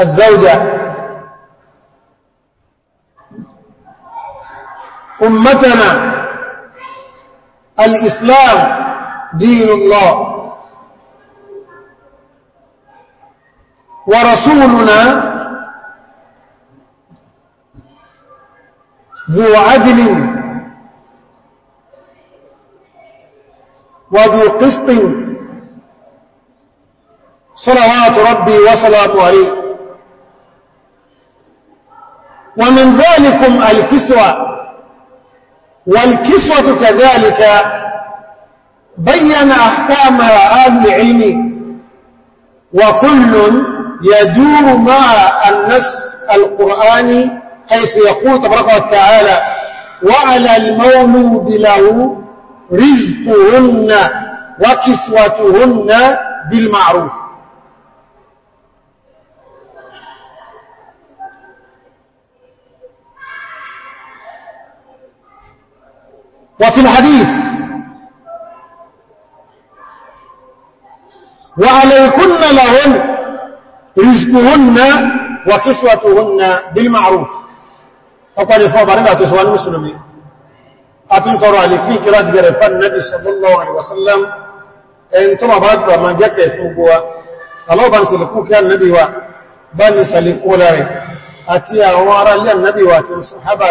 الزوجة أمتنا الإسلام دين الله ورسولنا ذو عدل وذو قسط صلوات ربي وصلاته عليه ومن ذلكم الكسوة والكسوة كذلك بين أحكامها آل العلم وكل يدور مع النس القرآني حيث يقول تبارك وتعالى وعلى المولود له رزقهن وكسوتهن بالمعروف وفي الحديث وعليكن لهن رزقهن وكسوتهن بالمعروف فقال الفوضى نبع تسوى المسلمين أتن ترى لكي كراد جرفا النبي صلى الله عليه وسلم إن ترى بردوا ما جكا يفوقوا فلو بان سلكوا كان النبي وبان سلكوا لاري وارا لأن النبي واتن صحابة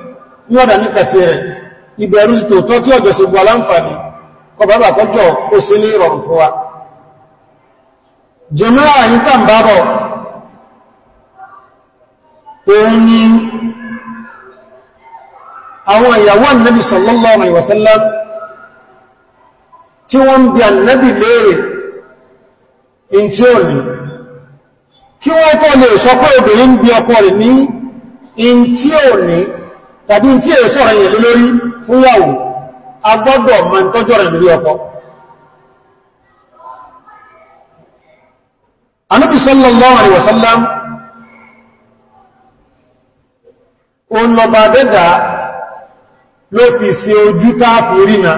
ní ọ̀dà nípasí rẹ̀ ìbẹ̀rù sí tòótọ́ tí ọjọ́ sí gbà láǹfààní kọ bàbà kọjọ́ ó sí ní ìrọ̀rùn fún wa jẹmọ́ra yí tàbábọ̀ òun ni àwọn ìyàwó annabi sallallahu alaihi wasallam tí wọ́n bí annabi léèrè in tí ó ní kí wọ́n tó lè sọ pé obìnrin bí ọkọ rẹ̀ ní in tí ó ní tàbí tí è sọ̀rọ̀ yẹ̀ lórí fúnyàwó agbọ́dọ̀ ma ń tọ́jọ́ rẹ̀ lórí ọkọ Ànábì sallallahu alaihi wasallam òun lọ bá dẹ́dà ló fi sí ojú táàfì rína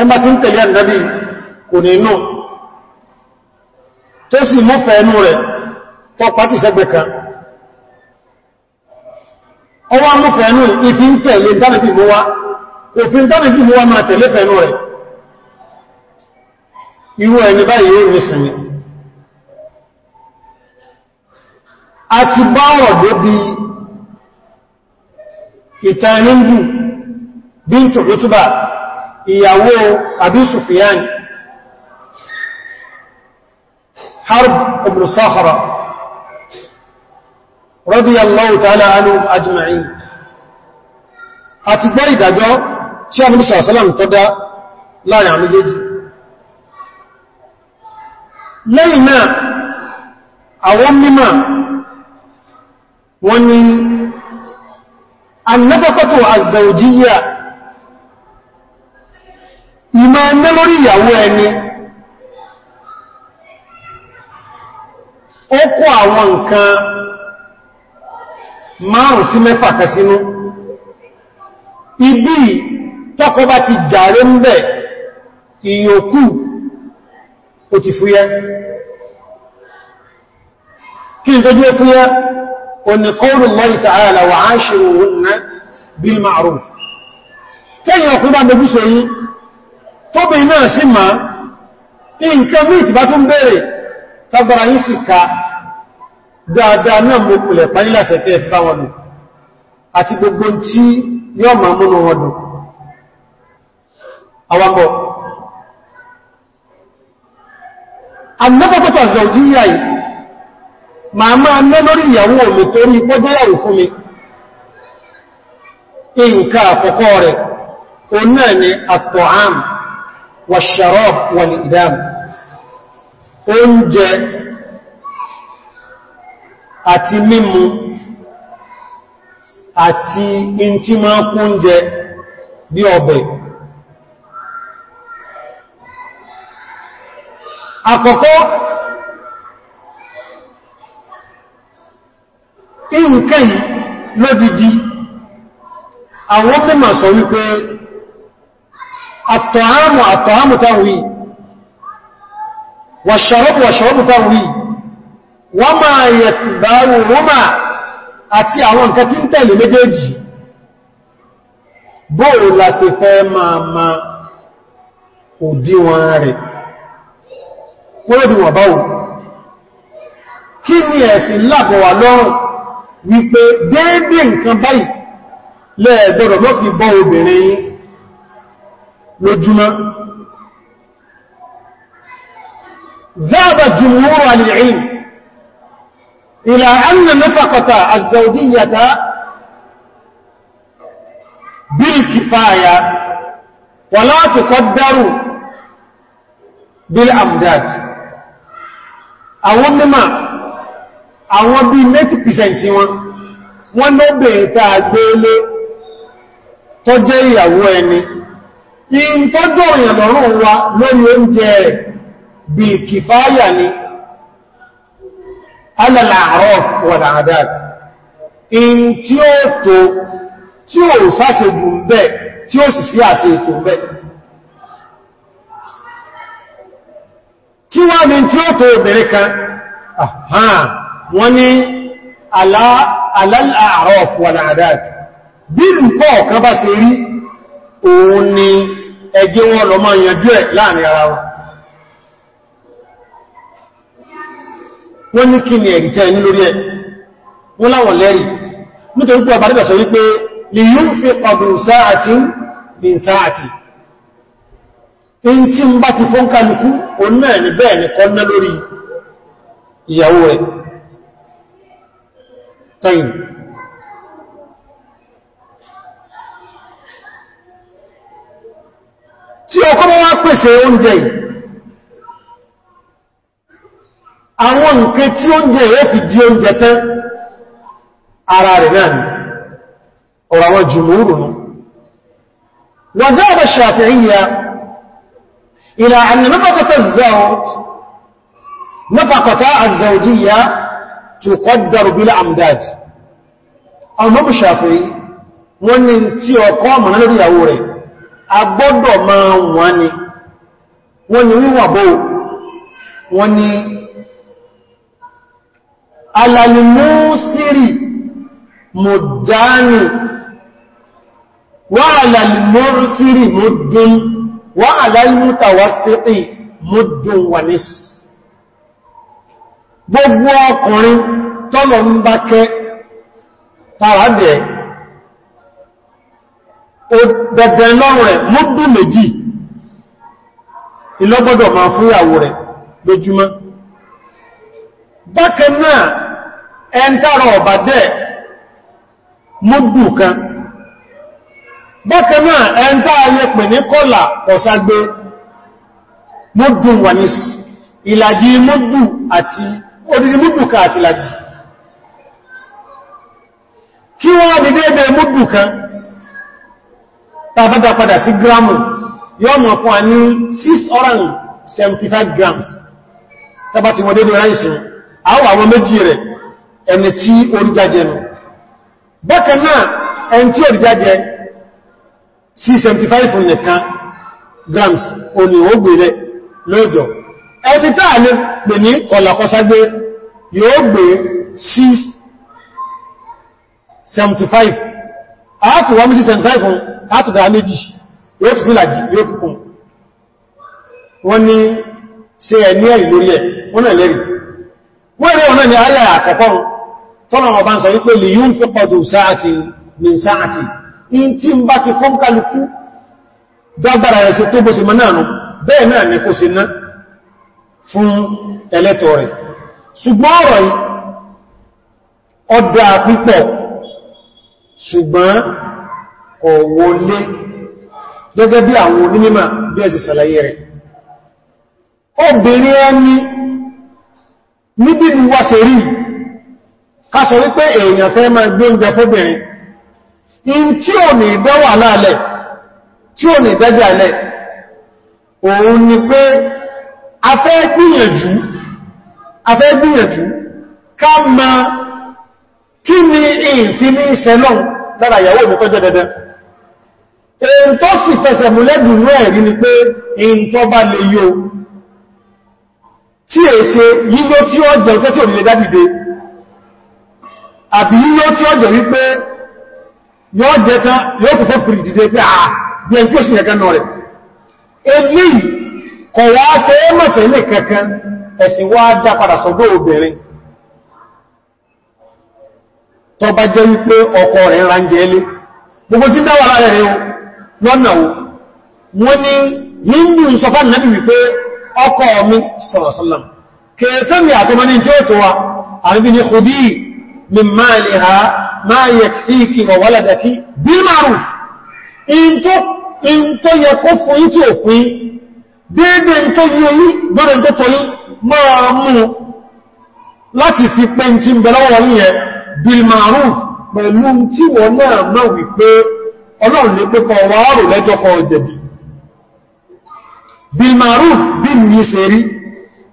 ẹmbà tí ń tẹ̀lé Ànábì kò nínú tó sì mú rẹ̀ tọ́pàá ti kan ọwọ́ amúfẹ̀ẹ́nú ìfi ń tẹ̀lé dánàbí mú wá kò fi dánàbí mú wá máa tẹ̀lé fẹ̀ẹ́nú rẹ̀ irú ẹni báyìí yóò rí sinmi a ti bá ọ̀dọ́ bí ìtàn Hindu bíntù ìyàwó Abi Sufyan Harb ibn رضي الله تعالى عنهم أجمعين àti gbọ́ ìdàjọ́ tí a ní bíṣà tó dá láàrin àmì jẹ́jì lẹ́yìn náà àwọn mímọ̀ wọ́n ni annafakọ́tò àzàòjíyà ìmọ̀ ẹ̀nẹ́ lórí ìyàwó ẹni ó kó àwọn nǹkan márùn sí mẹ́fà kan sínú ibi tọ́kọ bá ti jàre ń bẹ̀ ìyókù ó ti fúyẹ́ kí n tójú fúyẹ́ òní qawlu Allahi ta'ala wa 'ashiruhunna bil ma'ruf tẹ́yìn ọkùn bá gbogbo ṣe yí tó náà sí máa nǹkan mí ìtìbá tó ń bèèrè tagbara sì ka dáadáa náà mo pìlẹ̀ pàní lásẹ̀ ẹ̀fẹ́ wọn dùn àti gbogbo tí yọ́ ma múnú wọn dùn awakọ̀ ma máa ná lórí ìyàwó mi torí pọ́jọ́yàwó fún mi Inka àkọ́kọ́ rẹ̀ o ni at-ta'am wa sharab idam oúnjẹ àti mímu àti in tí ma ń kún jẹ bí ọbẹ̀ àkọ́kọ́ ìrùkẹ́ yìí lódìdí àwọn mímọ̀ sọ wípé àtọ̀hámù àtọ̀hámù táwí wàṣàrọ́bù wàṣàrọ́bù táwí wọ́n máa yẹ̀ tí báwù rúmà àti àwọn nǹkan tí ń tẹ̀lé méjèèjì bóòrò láti fẹ́ máa ma òdíwọn rẹ̀ wọ́n báwù kí ni ẹ̀sìn lábọ̀wà lọ́rùn wípé déédé nǹkan báyìí lẹ́ẹ̀dọ́rọ̀ ló fi bọ́ obìnrin lójúmọ́ ذهب جمهور العلم إلى أن النفقة الزوجية بالكفاية ولا تقدر بالأمداد àwọn mímọ̀ àwọn bí 90% wọn wọ́n lọ́bẹ̀ tá a gbé lé tó jẹ́ ìyàwó ẹni in tó dọ̀rìn lọ́rùn wa lórí oúnjẹ rẹ̀ ni alàlàárọ̀ wàdàádáàt in tí ó tó tí ó sáṣejù ń bẹ́ tí ó sì sí àṣẹ ètò ń bẹ́ kí wá ní tí ó tó obìnrin kan wọ́n ní alàlàárọ̀ wàdàádáàt bí nǹkọ́ ọ̀kan bá ti rí òun ni ẹgbẹ́ wọn lọ máa yanjú ẹ̀ láàrin ara wọn wọ́n ní kí ni ẹ̀rì tẹ́ẹ̀ ní lórí ẹ̀ wọ́n láwọn lẹ́rì nítorí pé ọbàdìbà sọ wípé lè yóò fi ọdún sáàtì bí sáàtì in tí ń bá ti fún kálukú òun ní bẹ́ẹ̀ àwọn nǹkan tí ó jẹ́ èé fi di oúnjẹ tán ara rẹ̀ náà ni ọ̀rọ̀ àwọn jùmúrù nù wọ́n dá ọ̀rọ̀ ṣàfihíyà ìlà àmì náfàkọta àzàwòjíyà tó kọ́dọ̀rù bí láàmdáj ọmọ bí agbọ́dọ̀ máa wọ́n ni wọ́n ni wíwà wọ́n ni alàlìmúsírì mùdánì wà alàlìmúsírì mùdún wà alàlìmútàwásítì mùdún wà ní gbogbo ọkùnrin tọ́lọ ń bá kẹ́ tàwàbẹ̀ bẹ̀bẹ̀ lọ́rùn rẹ̀ mùdún méjì ìlọ́gbọ́dọ̀ máa fún rẹ̀ lójúmọ́ bákan náà ẹntàrà ọ̀bà dẹ̀ kan bákan náà ẹntà ayé pè ní kọ́là ọ̀ságbé múgbù wà ní ìlàjì múgbù àti odidi múgbù kan àti ìlàjì kí wọ́n di dédé múgbù kan tàbádà padà sí gírámù yọ́ mọ̀ fún a ní 675 grams tàbátí wọ́n dédé ráìsìn àwọn àwọn méjì rẹ̀ ẹni tí oríjájẹ nù bákan náà ẹni tí oríjájẹ 675 nìkan grams òní ògbè rẹ̀ lọ́jọ́ ẹni táà ní pè ní kọlàkọságbé yóò gbé 675 àátùwà 675 àátùdà méjì yóò tún fílàjì yóò fún wọ́n ní ṣe ẹni ẹ̀rì lórí ẹ̀ wọ́n náà lẹ́rìí wọ́n rí ọ̀nà ni ayà àkọ́kọ́ tọ́nà ọba ń sọ wípé lè yíò ń fi pọ̀dù sáàtì ní sáàtì in tí ń bá ti fún kálukú dágbàrà rẹ̀ sí tó bó sì mọ́ náà bẹ́ẹ̀ náà ní kó sí ná fún ẹlẹ́tọ̀ rẹ̀ ṣùgbọ́n ọ̀rọ̀ níbi ni wá ṣe rí kásọ wípé èèyàn fẹ́ máa gbé oúnjẹ fóbìnrin in tí ò ní ìdẹ́wà láàlẹ̀ tí ò ní ìdẹ́jẹ̀ alẹ́ òun ni pé a fẹ́ gbìyànjú a fẹ́ gbìyànjú ká ma kí ni ìfi ní ìṣẹ́lọ́n lára ìyàwó mi tọ́jọ́ dẹ́dẹ́ èyí tó sì fẹsẹ̀ múlẹ́dùn rẹ̀ rí ni pé èyí tó bá le yóò tí è ṣe yíyó tí ó jẹ ọjọ́ tí ò nílé dábìde àbí yíyó tí ó jẹ wípé yóò jẹ tán yóò tó fún fìrì dìde pé àà bí ó sì nọ rẹ̀ èyí kọ̀ wá ṣe é mọ̀tẹ̀lẹ̀ kankan ẹ̀sìn wá dá padà obìnrin bá jẹ́ wípé ọkọ mi sọ̀rọ̀sọ́lọ̀m kẹfẹ́ mi àtọmọ́ ní tí ó tó wa àríbí ni kò dí mi máa lè ha máa yẹ sí kí ọ̀wọ́lẹ̀dẹ̀kí bí márù in tó yẹ kó fún yí tí ò fún yí dédé in tó yí oyí gbọ́dọ̀ tó tó yí máa mú láti fi pé pẹ̀lú tí wọ́n náà máa wípé ọlọ́run ní pé kọ wàárù lẹ́jọ́ bilmaruf bí ní ṣe rí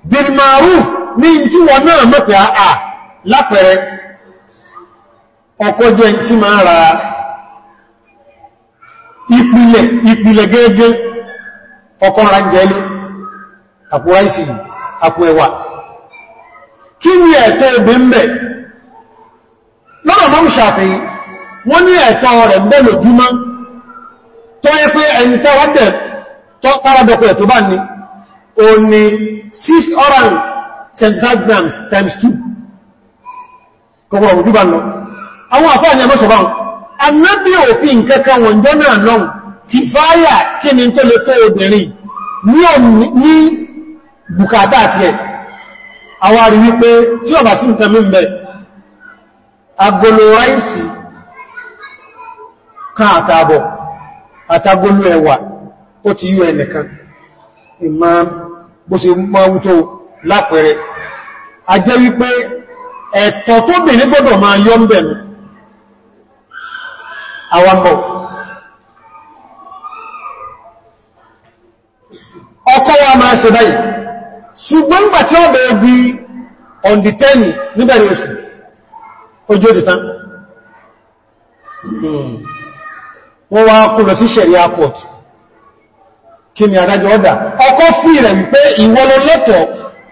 bilmaruf ní tí wọ́n náà mọ́pẹ̀ àà lápẹẹrẹ ọkọ̀ jẹ́ tí máa ra ìpìlẹ̀ ìpìlẹ̀ gẹ́gẹ́ ọkọ̀ ránjẹ́lé àpò ráìsì àpò ẹ̀wà kí ni ẹ̀tọ́ ẹgbẹ̀ ń bẹ̀ lọ́rọ̀ mọ́ ṣàfihàn wọ́n ní ẹ̀tọ́ rẹ̀ bẹ́ lójúmọ́ tó yẹ pé ẹni tẹ́wàá tó párádọ́kọ̀ ẹ̀tọ́ bá ní o ní 6 oral 75 grams times 2 kọkọrọ̀ ojú bá lọ àwọn àfáà ni ẹmọ́sọ̀bá anábí òfin kẹ́kẹ́ wọn jọ́nà lọ́n ti fáyà kí ni tó lè tó obìnrin ní bùkátà àti ẹ̀ àwọn àrí wípé tí ọba sí nǹkan mí mẹ́ agolo ráìsì kan àtàbọ̀ àtàgolo ẹ̀wà ó ti ka ẹnìkan ìmá bó ṣe máa lápẹẹrẹ a jẹ́ wípé ẹ̀tọ́ tó bè ní gbọ́dọ̀ máa yọ́ ń wa máa ṣe báyìí ṣùgbọ́n gbà tí ó bẹ̀rẹ̀ bí on níbẹ̀rẹ̀ oṣù ojú hmm. wọ́n wá kí ni adájọ́ ọ̀dà ọkọ́ fún ìrẹ̀ wípé ìwọlọ lọ́tọ̀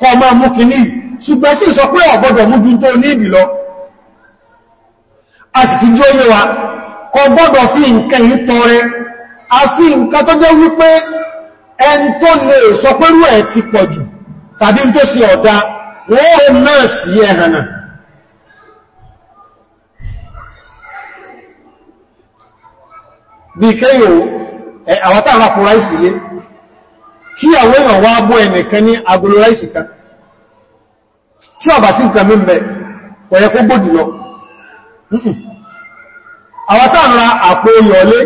kọ ma mú kì ní ṣùgbọ́n sí ìsọ pé ọ̀gbọ́dọ̀ mú jùn tó ní ìdìlọ a sì ti jó yíwa kọ gbọ́dọ̀ fi nǹkan yìí tọrẹ a fi nǹkan tó jẹ́ wípé ẹn tó lè sọ pẹ́rú ẹ̀ ti pọ̀ jù tàbí tó sì bí kéyòó àwátà àwọn àpò ráìsì lé kí àwọn èèyàn wá bó ẹnìkan ní agolo ráìsì kan tí ọ̀bà sí nǹkan mí mẹ́ ọ̀yẹ kó gbòdì lọ àwátà àwọn àpò yọ̀lé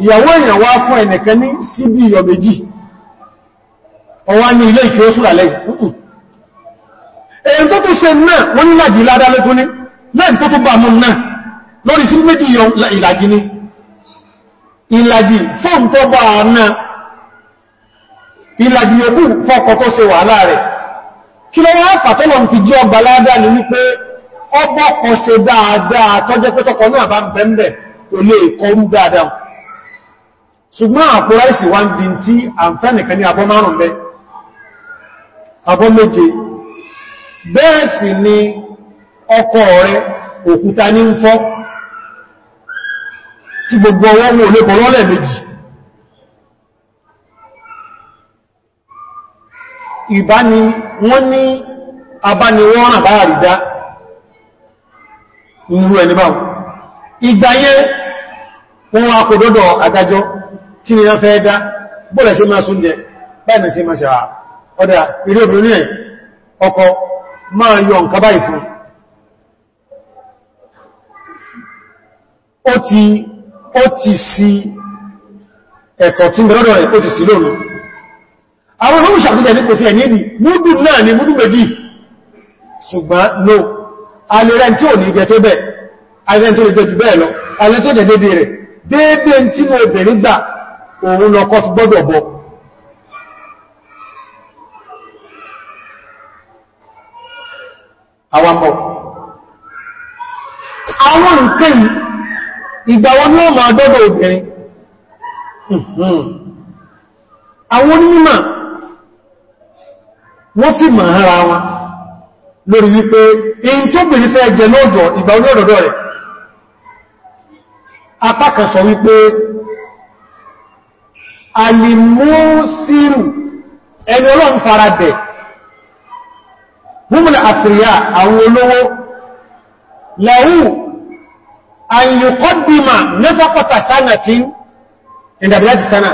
ìyàwó èèyàn wá fún ẹnìkan ní síbí iyọ̀ méjì ọwá ní ilé ìfẹ́ lórí sí méjì ìlàjì ni ìlàjì fóòn tó bá àánà ìlàjì yòókù fọ́kọ̀ tó ṣe wàhálà rẹ̀ kí lọ wọ́n fàtọ́lọ̀ fi jẹ́ ọgbà ládá ní wípé ọgbọ́ kan ṣe dáadáa tọ́jẹ́ pẹ́tọ́kọ̀ náà bá bẹ̀m̀bẹ̀ kò lè kọrú dáadáa ṣùgbọ́n ni ọkọ̀ rẹ̀ tí gbogbo ọwọ́ wọn olè kọ̀ lọ́lẹ̀ méjì ni wọ́n ní abániwọ́n àbáàrídá ìrú ẹni báwọn ìgbà wọ́n wá kò dọ́dọ̀ adájọ́ kí ni wọ́n fẹ́ dá bọ́lẹ̀ sí máa súnjẹ báyìí sí máa ṣàwà ọ̀dá ilé obìnrin ẹ̀ ọkọ máa yọ nǹkan báyìí fún ti ó ti sí ẹ̀tọ̀ tí mẹ́rọ́dọ̀ rẹ̀ ó ti sí lónìí àwọn olóòrùn ṣàkójẹ̀ ní kò tí ẹ̀ níbi múdù náà ni múdù méjì ṣùgbọ́n no alẹ́rẹ́ tí ò ní jẹ tó a alẹ́rẹ́ tó jẹ jù bẹ́ẹ̀ lọ alẹ́rẹ́ tó jẹ dédé rẹ̀ dédé tí mo bẹ̀rẹ̀ gbà òun lọ kọ́ fi gbọ́dọ̀ bọ́ àwọn ìgbà wo ni ó máa dọ́dọ̀ obìnrin hmm, hmm. àwọn onímọ̀ wọ́n fi mọ̀ ara wọn lórí wípé in tó bèèrè fẹ́ jẹ lọ́jọ́ ìgbà olóòdọ̀dọ̀ rẹ̀ apákan sọ wípé alìmúsírù ẹni ọlọ́run fara bẹ̀ múmùlẹ̀ àfìríyà àwọn olówó lẹ́wù an yi kọ́dìmà nífọ́kọ̀tà sánà tí ìdàbíláti sánà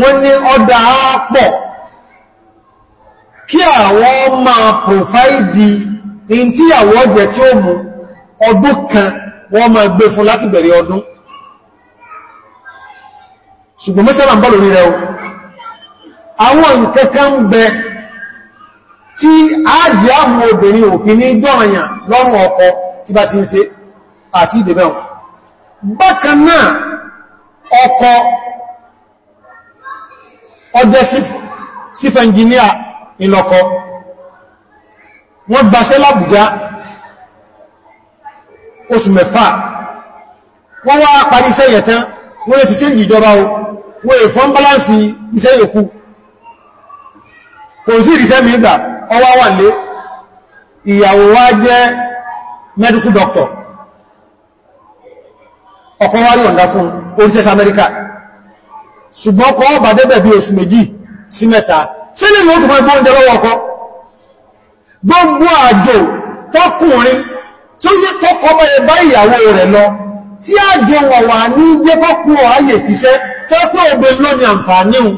wọ́n ní ọdá pọ̀ kí àwọn ma pòfáìdì in tí àwọn tí ó kan wọ́n ma gbé fún láti bẹ̀rẹ̀ ọdún ṣùgbọ́n mẹ́sàlá lórí rẹ̀ o àwọn nǹkankan bẹ tí ájì àwọn obìnrin òfin ní gbọ́ranyàn lọ́rùn ọkọ tí bá ti ń àti ìdẹ̀bẹ̀ bákan náà ọkọ̀ ọjẹ́ sífẹ́ ẹnjìníà ìlọ́kọ wọ́n gbaṣẹ́ lábùjá oṣù mẹ́fà wọ́n wá parí iṣẹ́ ìyẹ̀tán wọ́n lè ti tí ìjọba o wọ́n è fọ́n bálánsì iṣẹ́ ìyókù kò sí ìrìṣẹ́ mìígbà ọwá wà lé ìyàwó wá jẹ́ medical doctor ọkùn wá yọ̀nda fún orísẹ́sẹ́ amẹ́ríkà ṣùgbọ́n kọ́ ọba débẹ̀ bí oṣù méjì sí mẹ́ta tí lè mọ́ tó fẹ́ gbọ́njẹ lọ́wọ́ ọkọ́ gbogbo àjò tọkùnrin tó yẹ tọ́kọ́ bá ẹbá ìyàwó rẹ̀ lọ tí àjò wà wà ní jẹ́ kọ́kù ọ̀ráyè síṣẹ́ tọ́kù ọgbẹ̀ lóní àǹfààníun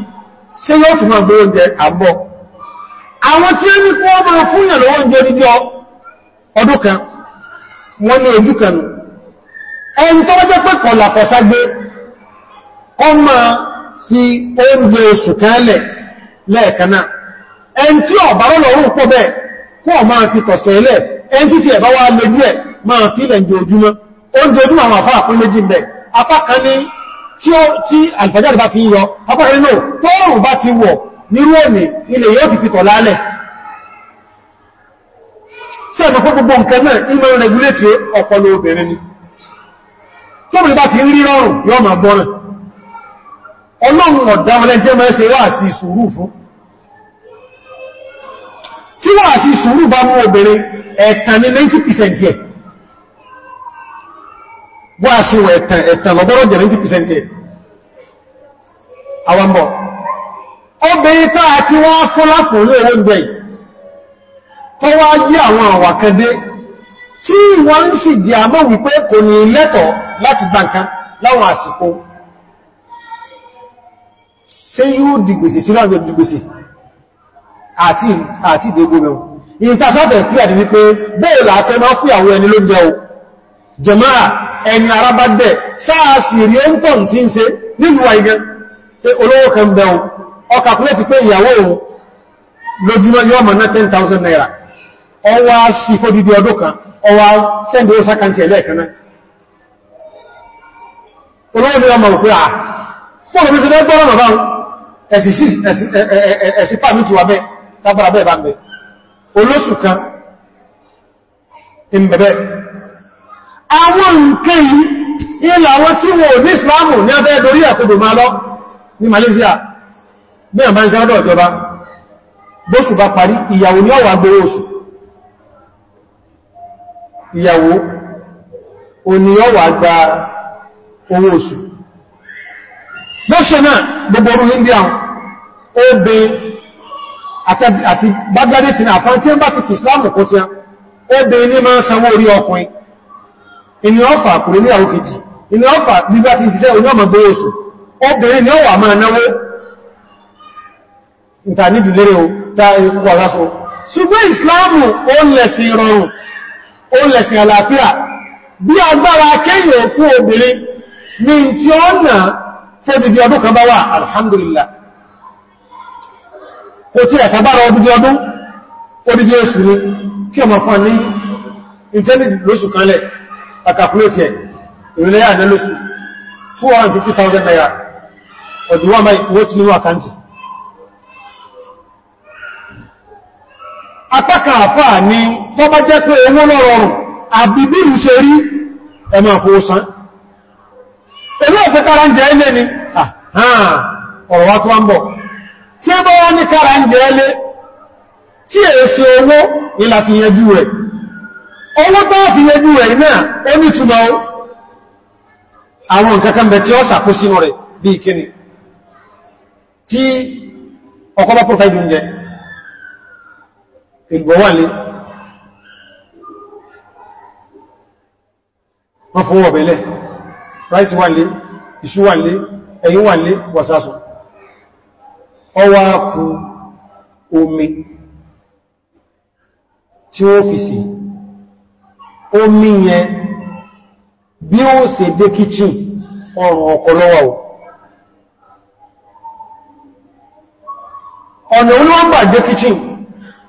àwọn tí ó ní kó ọmọ fúnyàn lọ́wọ́ oúnjẹ ọdún kan wọ́n ní ojú kanù ẹni tó wọ́n jẹ́ pé kọ̀lá fọ́ságbé ọmọ fi oúnjẹ oṣù kánlẹ̀ lẹ́ẹ̀kanáà ẹni tí ọ̀bá rọ́lọ̀rún pọ̀ bẹ́ẹ̀ kó ọmọ fi tọ̀sẹ̀ ilẹ̀ ẹni tí ti ẹ̀bá wá lójú ẹ̀ máa fi lẹ́njẹ ojúmọ́ oúnjẹ ojúmọ́ àwọn àfáà fún méjì bẹ̀ apá kan ní tí alfajari bá gbogbo nǹkan náà ìmọ̀ regulate ọpọlọ obìnrin ni tóbi bá ti rí rọrùn yọ ma gbọ́nà ọlọ́run ọ̀dá jẹ́ mẹ́ ṣe wà sí sùúrù fún tí wà sí sùúrù bá mú obere ẹ̀tàn ní 90% ẹ̀ wà sí ẹ̀tàn ẹ̀tàn lọ́gbọ́rọ̀ jẹ́ 90% ẹ̀ tí wọ́n ń sì di àmọ́ wípé kò ní lẹ́tọ̀ láti gba nǹkan láwọn àsìkò ṣe yóò dìgbèsè sí láwọn dìgbèsè àti ìdégbò mẹ́wọ̀n ìtàtàtẹ̀ pí àti wípé bóòlà àti ẹmọ́ fún àwọn ẹni ló jẹ́ o jẹmáà ẹni ara bá dẹ̀ sáàsì rí ó ń tọ̀n tí ń ṣe nílùú àìgẹ́ olówó kan o ọkàkúlẹ̀ ti pé ìyàwó òun lójúmọ́ 10,000 naira ọwá sí fódìdí ọdún kan ọwá sẹ́ndì ó sákàntì ẹlẹ́ẹ̀kaná olóòdó ọmọ òpé à fóòrò bí sí lẹ́gbọ́ ọ̀nà bá ẹ̀sì pàmí ti wà bẹ́ tábàrà bẹ́ẹ̀ bá ń bẹ olóṣù kan ìmẹ̀bẹ̀ àwọn nǹkan yìí ilẹ̀ àwọn tí wọ́n ní Islamu ní abẹ́ dorí ẹ̀kọ́dò máa lọ ní Malaysia bí àbáyíṣẹ́ ọdọ̀ ìjọba bóṣù bá parí ìyàwó ní ọwà gbé oṣù ìyàwó òní ọwà gba owó oṣù lọ́ṣẹ́ náà gbogbo orú india ó bẹ àti bagdadi sinà àfán tí ó bá ti islamu kó tí a ó bẹ ní máa sanwó orí ọkùnrin inú ọfà kùnrin ní àwọn kejì inú ọfà bíbá ti ṣiṣẹ́ oní ọmọ gbé oṣù obìnrin ni máa náwó ó lẹ̀sìn àlàáfíà bí agbára kéyò fún obìnrin ní tí ó nà fódìdí ọdún kan bá wà alhamdulillah kò tí ẹ̀sàbára ọdúdí ọdún odidi oṣù ni kí ọmọ fún ní ìtẹ́lìdì lóṣù kanlẹ̀ àkàkúlẹ̀tì ìrìnlẹ̀ àdẹ́lóṣù 250,000 naira ọdún wọ́n ti nínú àkáǹtì apákan àfáà ni tó bá jẹ́ pé owó lọ́rọ̀rùn àbìbìrù ṣe rí ẹmọ àfóòsán ẹlú ọ̀fẹ́ kára ń jẹ ni ọ̀rọ̀ wá tó ń bọ̀ tí ó bá wá ní kára ń jẹ ẹlẹ́ tí è ṣe owó ìlà fi yẹjú rẹ̀ owó tó fi yẹjú rẹ̀ ó ní túnmọ̀ àwọn nǹkan ìgbọ̀wàlé wọ́n fún ọ̀bẹ̀lẹ̀ rice wàlé iṣu wàlé ẹ̀yìn wàlé wàsásùn ọwá kú omi tí ó fi sí omi yẹn bí ó ṣe dé kitchen ọ̀rùn ọ̀kọ̀lọ́wà ò ọ̀nà olúwọ́n bà dé kitchen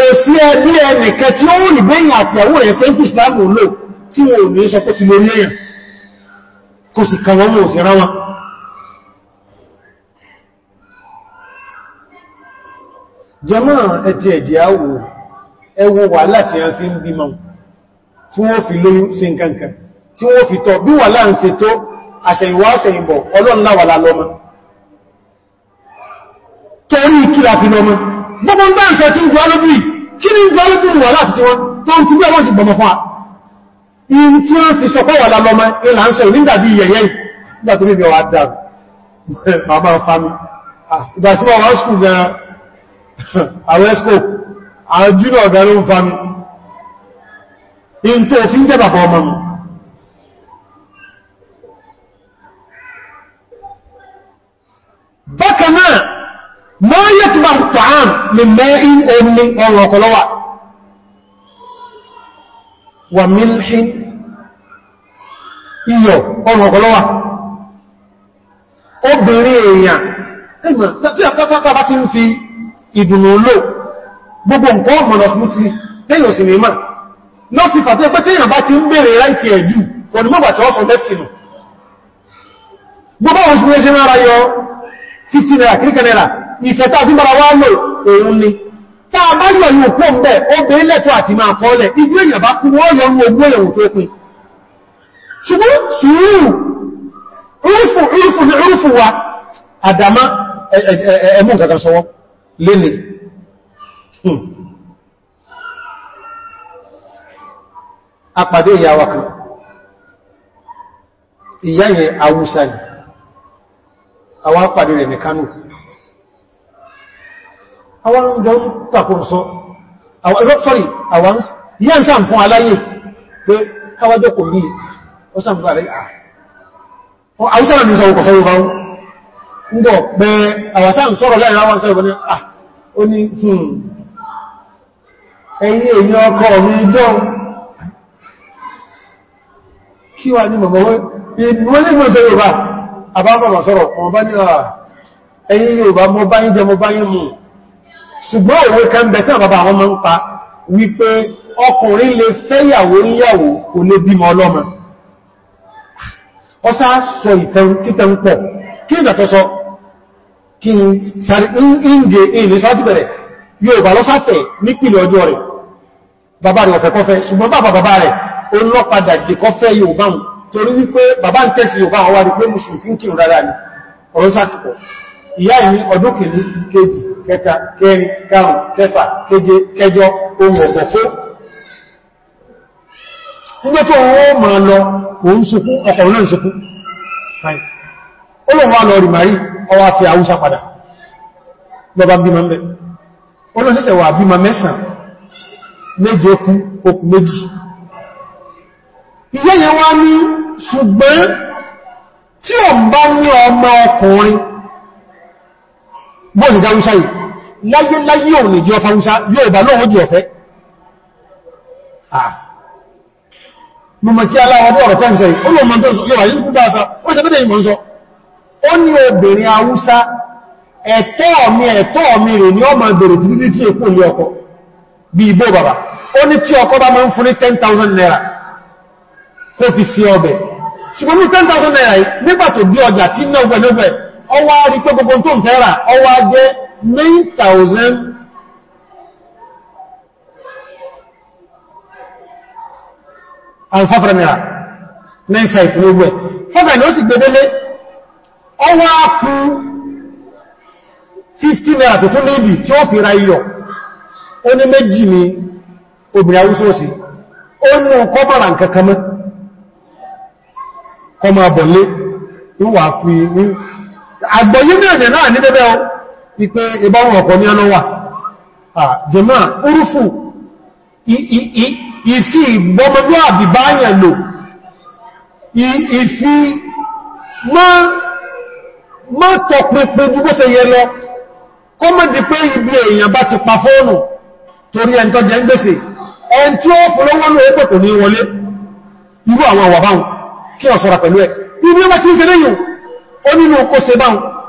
kò sí ẹbí ẹnìkẹ́ tí ó rí bẹ́yìn àti ẹ̀wọ́ rẹ̀ ṣe ń sí ìsìláàmù lò tí wọ́n ní sọ pé ti lórí èyàn kò sì kàwọn mọ̀ sí ra wọn jẹmọ́ ẹ̀tì ẹ̀dì àwò ẹwọ wà láti ẹn fi ń bí mọ́ tí wọ́n fi lóyún sí nǹkankan tí wọ́n fi tọ́ bí wà láà ń torí kí la fi lọ́mọ́ gbogbo ń bá ń sẹ tí ń gbọ́ lóbìí kí ní gbọ́ lóbìí wà láti tí wọ́n tó ń túnbẹ̀ wọ́n sì gbọmọ̀ fún wa in tí wọ́n sì sọ pọ́wà lọ́mọ ilá ń sọ nígbàbí yẹ̀yẹ́ nígbà tó bíbẹ̀ wà dáa bàbá fami ìgbàsíwọ̀ wọ́n skù gan àwọn ẹ́skò àjúnà ọ̀gá ló ń fami in tó fi ń jẹ́ bàbá ọmọ mi bákan ma yẹtùbà tàán lè mẹ́rin omi ọrọ̀ ọ̀kọ̀lọ́wà wà mílín iyọ̀ ọrọ̀ ọ̀kọ̀lọ́wà obìnrin èèyàn tí a pápápá bá ti ń fi ìdùnnú lò gbogbo nǹkan ọmọdọ̀ smoothly téèyàn sì mímọ̀ lọ fi fàtẹ́ pé téèyàn bá ti ń bèèrè láìtì ẹ̀jù wọ̀n ni mọ́gbàtí ọ́sọ̀ lẹ́fìtìnù gbogbo àwọn òṣìṣẹ́ mara yọ 15 naira kíríkẹ́ naira ifeta fún bàbá wá lò òun ni tá a bá yọ yóò kó ń bẹ̀ obìnrin lẹ́tọ́ àti máa kọ́ọ̀lẹ̀ ibi èyàn bá kú wọ́n yọ ogún tó pin ṣùgbọ́n sùúrù rúfù ní wa àdàmá ẹmú nǹkan sọwọ́ lẹ́nìí hmm. apàdé kan ìyá yẹn ni àwọn apàdé àwọn jọ ń takùnsọ sorry àwọn yíya ń sáà fún aláyé pé káwàjọ́ ah. kò ní ó sáà fún aláyé àwọ́sára ní sọ́wọ́ kọ̀sọ́wọ́ bá ń gbọ́ pé àwọ́sáà ń sọ́rọ̀ láìra wọn sọ́rọ̀ ní à ó ní hmm, ẹ̀yìn èyí ọkọ̀ mi jọ kí wà ní mọ̀mọ̀ wọ́n ní mọ̀ sọ́rọ̀ bá àbábà sọ́rọ̀ ọ̀bá ní ah, ẹ̀yìn Yorùbá mọ́ báyín jẹ mọ́ báyín mú ṣùgbọ́n òwe kan bẹ̀ tí àbàbà àwọn ọmọ ń pa wípé ọkùnrin lè fẹ́yàwó níyàwó kò lè bímọ ọlọ́mọ ọsá sọ ìtẹun pọ̀ kí n dàtọ́ sọ kí n sàrí ìǹgẹ̀ ìlú sáájú bẹ̀rẹ̀ yóò bà lọ́sáfẹ́ nípìlẹ̀ ọjọ́ rẹ̀ bàbá rẹ̀ ọ̀fẹ́ kọfẹ́ ṣùgbọ́n bàbá bàbá rẹ̀ ó lọ́padà jẹ kọfẹ́ yóò bá wọn torí ni ọ̀rọ̀ sátìpọ̀ kẹta kẹrin karùn kẹfà keje kẹjọ ohun ọ̀fọ̀fó nígbé tó wọ́n ma lọ òun sùkú ọkọ̀rún náà sùkú olóòwà lọ rí marí ọwá fi àwúsá padà lọba bímọ mẹ́ olóòsẹ́sẹ̀ wà bímọ mẹ́sàn méjì yẹn wá ní ṣùgbọ́n tí ọ bá ní ọmọ ọkùnrin yìí láyé láyé òun ìjọ fáwúsá yóò bá lóòrùn jù ọ̀fẹ́ ah. mọ̀mọ̀ kí aláwọ̀dọ́ ọ̀rọ̀ tẹ́ǹsẹ̀ olóòmọ̀ tó sọ yóò yíkú bá sá ó ṣe bẹ́ẹ̀ ìmọ̀ sọ ó ní obìnrin Haúsá ẹ̀tọ́ mi ẹ̀tọ́ mi rẹ̀ ni ó máa bèèrè títí tí èkó ilé ọkọ bí ibó bàbá ó ní tí ọkọ bá máa ń fún ní 10,000 naira kó fi sí ọbẹ̀ ṣùgbọ́n ní 10,000 naira nígbà tó bí ọjà tí náà gbẹ̀lẹ́gbẹ̀ ọwá rí pé gbogbo tó ń fẹ́ rà ọwá jẹ́ 9,000 àwọn fọ́fẹ́rẹ́ mìíràn 9,500 ní ogbẹ̀ fọ́fẹ́rẹ́ ni ó sì gbẹ̀dẹ́lé ọwọ́ ápù 50 naira tó tún léèdì tí ó fi ra iyọ̀ ó ní méjì ni obìnrin awúsọ́sí ó ní ọkọ́ bára nkankan mọ́ kọmọ àbọ̀lé wọ́n wà fún agbọ̀yí mìíràn náà ní bẹ́bẹ́ ipé ìbáwọn ọ̀pọ̀ ní ọlọ́wà jẹmọ́ orúfù ìfí ìgbọmọdé àbìbáyàn lò ìfí mọ́ tọpinpin gbogbo ṣe yẹ lọ kọ́ mọ́dí pé ibi èèyàn bá ti pa fóònù torí ẹni tó jẹ ń gbèsè ẹni tí ó fòlówó ní ẹgbẹ̀ kò ní wọlé irú àwọn àwàbáhùn kí ọ̀sọ̀rọ̀ pẹ̀lú ẹ̀ ibi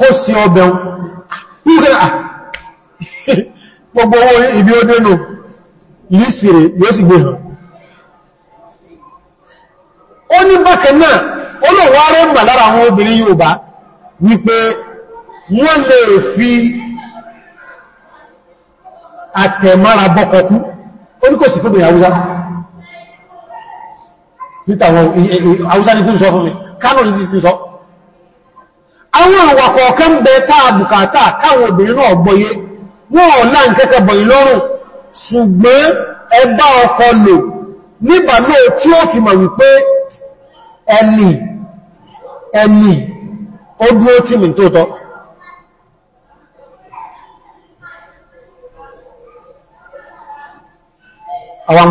kó sí ọbẹ̀ ah, gbogbo owó ibi ó dénú lísìrè yóò sì gbé hàn ó ní bákan náà olóòwà rẹ̀ mà lára àwọn obìnrin Yorùbá wípé wọ́n lè fi àtẹ̀mára bọ́kọkú ó ní kò sí fún ìyàwó Haúsá ní kí ń sọ fún mi kánò ní sí sọ àwọn àwà kọ̀ọ̀kan bẹ táà bùkátà káwọn obìnrin náà gbọ́yé wọ́n ọ̀lá nkẹ́kẹ́ bọ̀ ìlọ́rùn ṣùgbọ́n ọkọ lò níbàlò tí ó fi mọ̀ wípé ẹni ẹni ó dúró mi àwọn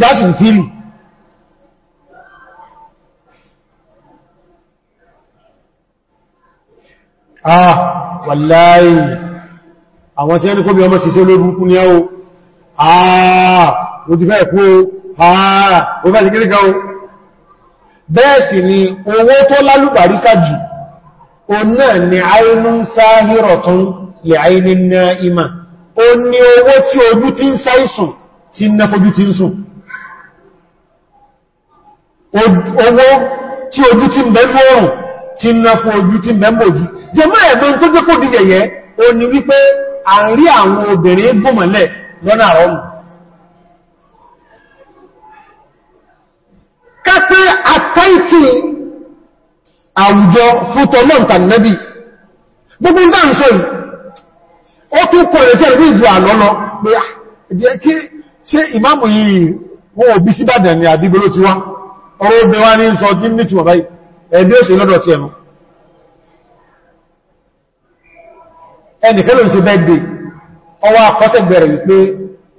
láti fílù ah wàláyé àwọn tí ẹni kó bí ọmọ síse ló burúkú ní ẹ́wọ́ ah o ti fẹ́ ẹ̀kú o ah o fẹ́ ṣekiri kan o bẹ́ẹ̀ sì ni owó tó lálùbàríkà jù o náà ni àìnún sáhírọ̀ tún lè àìnún o ní owó ti ń sáìsùn ti ń náfojú ti ń sùn owó tí ojú ti ń bẹ́m̀bọ̀ ọ̀rùn ti ń ná fún ojú ti ń bẹ́m̀bọ̀ ojú jẹ mọ́ ẹ̀gbẹ́ tó jẹ́ kó di yẹ̀yẹ́ o ni wípé a ń rí àwọn obìnrin gbọ́mọ̀lẹ̀ lọ́nà àrọ́mù kápẹ́ àtẹ́ìtì àwùjọ fútọ́ lọ́ntànẹ́bì gbogbo ń bá ń sọ yìí ó tún kọ̀ ẹ̀tẹ́ ah, ìmáàmù yìí wọ́n òbí síbàdàn ni àbíbẹ̀ ló ti wá ọ̀rọ̀ obìnrin wá ní sọ tí ní túnmọ̀ báyìí ẹ̀bí òṣèlú lọ́dọ̀ tí ẹnu ẹnìkẹ́ ló ń ṣe bẹ́ẹ̀dẹ̀ ọwọ́ akọ́sẹ̀ bẹ̀rẹ̀ wípé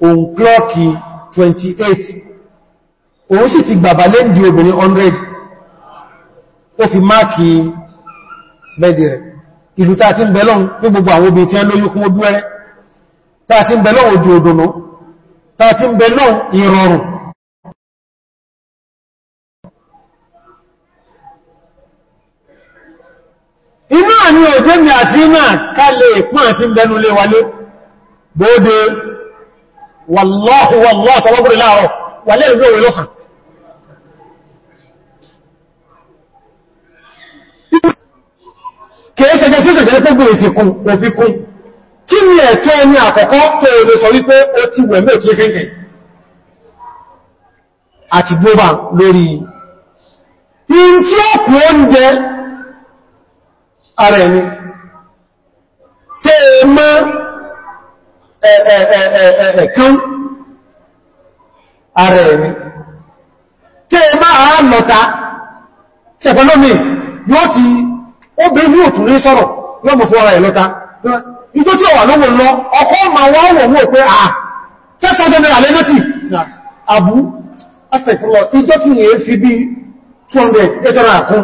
òun klọ́ọ̀kì 28 òun sì ti gbàbà lé di obìnrin 100 ó fi máàkì ń bẹ̀lọ́n ojú ẹrẹ́ tàà ń bẹ̀lọ́n ìrọ̀rùn iná ni òjé mi àti iná kalẹ̀ ìpán àti ìbẹnu lé wálé bóde wàláhù wàláhù tọwọ́gbùrì láàrọ̀ wà lẹ́rù lóòrè lọ́sàn kìí ṣẹjẹ sí ṣẹjẹ pé gbèrè ti kún òfin kún kí ni ara ẹni tẹ́ ẹ mọ́ ara ẹni tẹ́ ẹ mọ́ àánọ̀ta ṣẹ̀fẹ́lómi yóò ti ó ní òtún rí sọ́rọ̀ yóò fún ara ìjọ tí wà lọ ma wọ́n wọ̀ wọ́n pé ah, fi bí 200 ẹjọ́ra àkún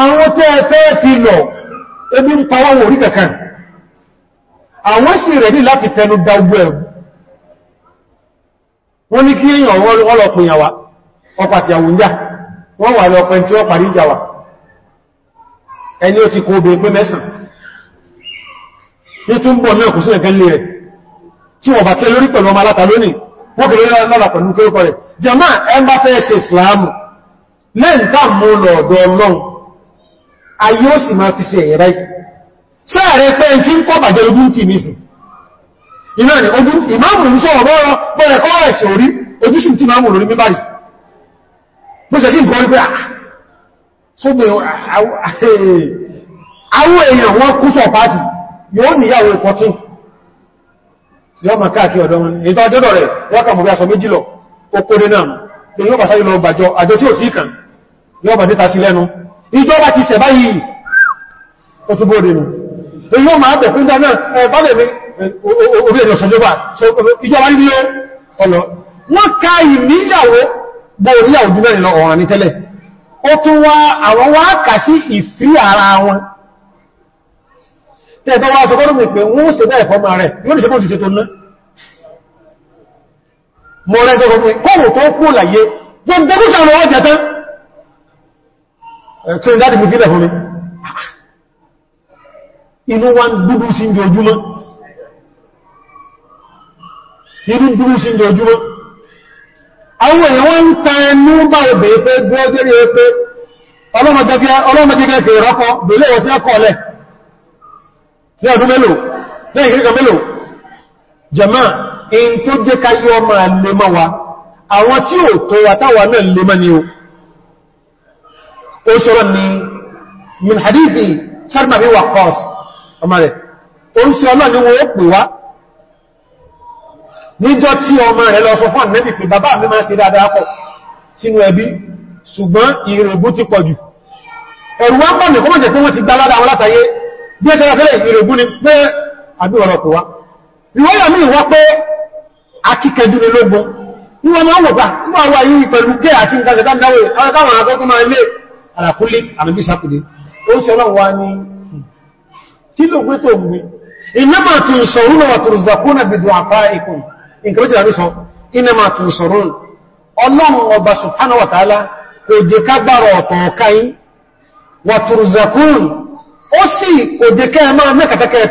àwọn tẹ́ ẹfẹ́ fi lọ ebi ń pa wọ́n orí kankan àwọn sì rẹ̀ ní láti fẹnu dá ogbó ẹ̀rù wọ́n ní kí èyàn ọlọ́pìnyàwà ọpa ọpàtí àwọn ìyá wọ́n wà lọ pẹ́ wọ́n parí ìjàwà ẹni ó ti kó pé mẹ́sàn ní tún ayé ó sì máa fi sí ẹ̀yẹ̀ báyìí sáàrẹ pé ẹn tí ń kọ́ bàjẹ́ ogun tí mi sùn iná ni ogun ìmáàmù ń sọ ọ̀rọ̀ bọ́rẹ̀ kọ́ ẹ̀sẹ̀ orí ojúṣù tí máa mú lórí mi báyìí bó ṣe kí n kọ́ rí pé àwọn èèyàn wọn kú sọ pàtì yóò níyàwó ìfọ́tún yọ́ ma káàkiri ọ̀dọ́ wọn èyí tó ajọ́dọ̀ rẹ̀ wọ́n kà náà lè sáyé lọ bàjọ àjọ tí ò tí kàn yọ́ dé ta sí lẹ́nu ìjọba ti sẹ̀bá yìí ọtúbóde mú èyí ó máa bẹ̀kún dáná ẹ̀bálẹ̀ mi orí ẹ̀lọ sọjọba ìjọba ní ọlọ wọ́n ká ìníyàwó bọ́ oríyàwó jù mẹ́rin lọ ọ̀ràn ní tẹ́lẹ̀ ó tún wá àwọn wá kà sí ìfí ara wọn tẹ́ẹ̀tọ́ wá sọ gọ́rùn-ún pé wọ́n ṣe bẹ́ẹ̀ fọ́mà rẹ̀ yóò ṣe kó ti ṣe tó ná mọ̀ rẹ̀ tọ́gbọ̀n kọ́wọ̀ tó kú láyé gbogbo kúṣà lọ́wọ́ jẹ́ tán kí n dáàdì mú fílẹ̀ fún mi inú wa ń dúdú sí ìjọ ojúmọ́ inú dúdú sí ìjọ ojúmọ́ àwọn èèyàn wọ́n ń ta ẹnu bá obè pé gbọ́gbẹ́rí pé ọlọ́mọdégẹ́ kèrè ọkọ̀ bèlé wọ́n tí ó kọ̀ọ̀lẹ̀ ní ọdún mélòó ní ìgbìkà mélòó jàmá in tó jẹ́ káyọ́ máa lè mọ́ wa àwọn tí ò tó wa táwa náà lè mọ́ ni o ó sọ̀rọ̀ ní min hadithi sarma bí waqas ọmọ rẹ̀ ó ń sí ọlọ́ ni wọ́n ó pè wá níjọ́ tí ọmọ rẹ̀ lọ sọ fún ànẹ́bì pé bàbá mi máa ṣe dáadáa pọ̀ sínú ẹbí ṣùgbọ́n ìrègùn ti pọ̀ jù ẹ̀rù wá pọ̀ nìkan jẹ́ pé wọ́n ti gbá ládá wọn látàyé bí ẹ sẹ́rẹ̀ fẹ́lẹ̀ ìrègùn ni pé àbí pẹ̀lú gẹ́ àti nǹkan ṣẹ̀dá àwọn akọ́kọ́ máa lé àràkúlé àmìbí sàkùdé ó sì ọlọ́run wá ní tí ló gbé tó ń gbé inama tún sọ̀rún wà tó rùzàkúnà bìdù àpá ikùn nǹkan méjìlá ló sọ inama tún sọ̀rún ọlọ́run ọba subhanahu wa ta'ala kò jẹ ká gbára ọ̀tọ̀ ọ̀káyí wà tó rùzàkún ó sì kò jẹ ká ẹmá mẹ́kàtàkẹ́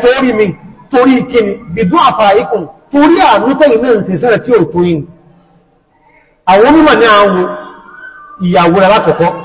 tó rí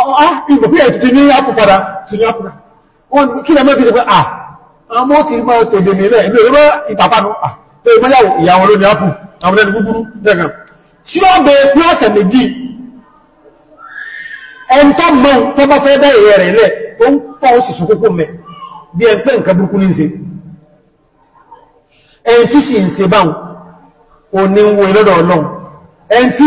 Ah, ah, ìgbòfíẹ̀ ti ní àpùpadà ti ní àpùpadà wọ́n kí lẹ́mọ́ ti sọ pé à ah, àmọ́ ti máa tèdè nílẹ̀ ilé ìrọ́ ìtàpánu tó ìgbéyàwó ìyàwó ló ní àpù àwọn ẹni gúgúrú dẹ̀gàn tí ó bẹ pí ọ̀sẹ̀ méjì ẹn tó mọ́ tó bá fẹ́ dáìrẹ̀ rẹ̀ ilẹ̀ ó ń pọ̀ ó sì sọkókó mẹ́ bí ẹ pẹ́ nǹkan burúkú ní ṣe ẹn tí sì ń ṣe báhùn ò ní wo ìlọ́dọ̀ ọlọ́run ẹn tí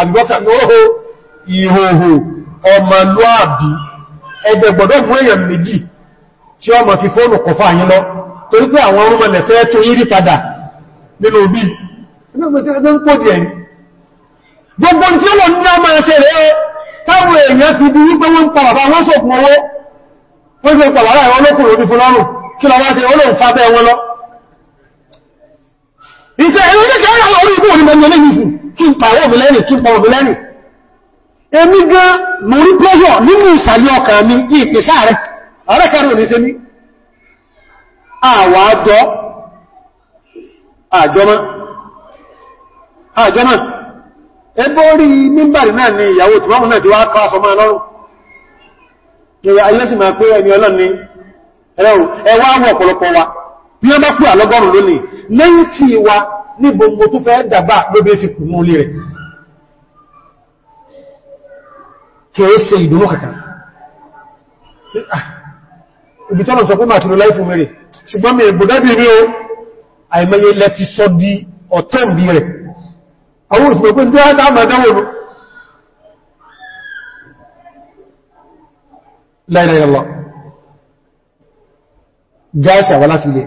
àbíbọ́kà ní óhò ìhòhò ọmọlúàbí ẹgbẹ̀ gbọ́dọ̀ mú èèyàn méjì tí ọmọ fi fóònù kọ̀ fà yín lọ torí pé àwọn ọmọ lẹ̀ fẹ́ tó yírí padà nínú òbí gbogbo tí ó lọ ní ọmọ ẹsẹ̀ rẹ̀ táwọn èèyàn ti bí wípé wọ́n ń pa bàbá ìfẹ́ ẹ̀rọ jẹ́kẹ́ ẹ̀rọ orí ikú òní mẹ́rin olé nìsìn kí n pàwọ́ òbìlẹ́rìn kí n pàwọ́ òbìlẹ́rìn èmi gan mo rí pẹ́yọ̀ nínú ìsàlẹ̀ ọkàn mi ní ìpèsà rẹ̀ ọ̀rẹ́kẹ́rẹ́ òní se ní ni bí wọ́n bá pè àlọ́gọ́rùn lónìí lẹ́yìn tí wa ní gbogbo tó fẹ́ dàbà lóbi fi kù mú lè rẹ̀ kìí ṣe ìdúnú kankan ah, ibi tọ́nà sọ pé màtí ló láìfún mẹ́rẹ̀ ṣùgbọ́n mi ìgbòdábì rí o àìmẹ́yẹ lẹ́ti sọ di ọ̀tẹ́m bí rẹ̀ àwọn òṣìṣẹ́ pé ní ọ́dá àmàdáwò láìláìlọ́ gáàsì àwọ́láfilẹ̀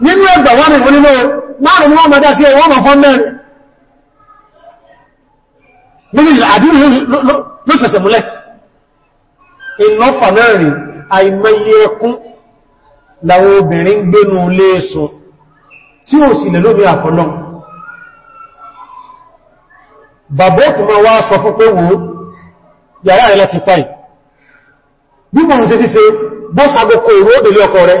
nínú ẹgbà wà ní ìfúnnínú márùn-ún wọn mọ̀dá sí ẹwọ́n mọ̀ fọ́n mẹ́rin níbi àdínú ló ṣẹ̀ṣẹ̀ múlẹ̀ ìlọ́fà mẹ́rin àìmẹ́yẹ ẹkún láwọn obìnrin gbénú léèṣù tí ó sì lè lóbi àfọ́lọ́ bàbá òkùn ma wá sọ fún pé wo yàrá rẹ̀ láti páì bí mọ̀ sí sí se bọ́sàgbọ́kọ̀ ìró òdèlé ọkọ̀ rẹ̀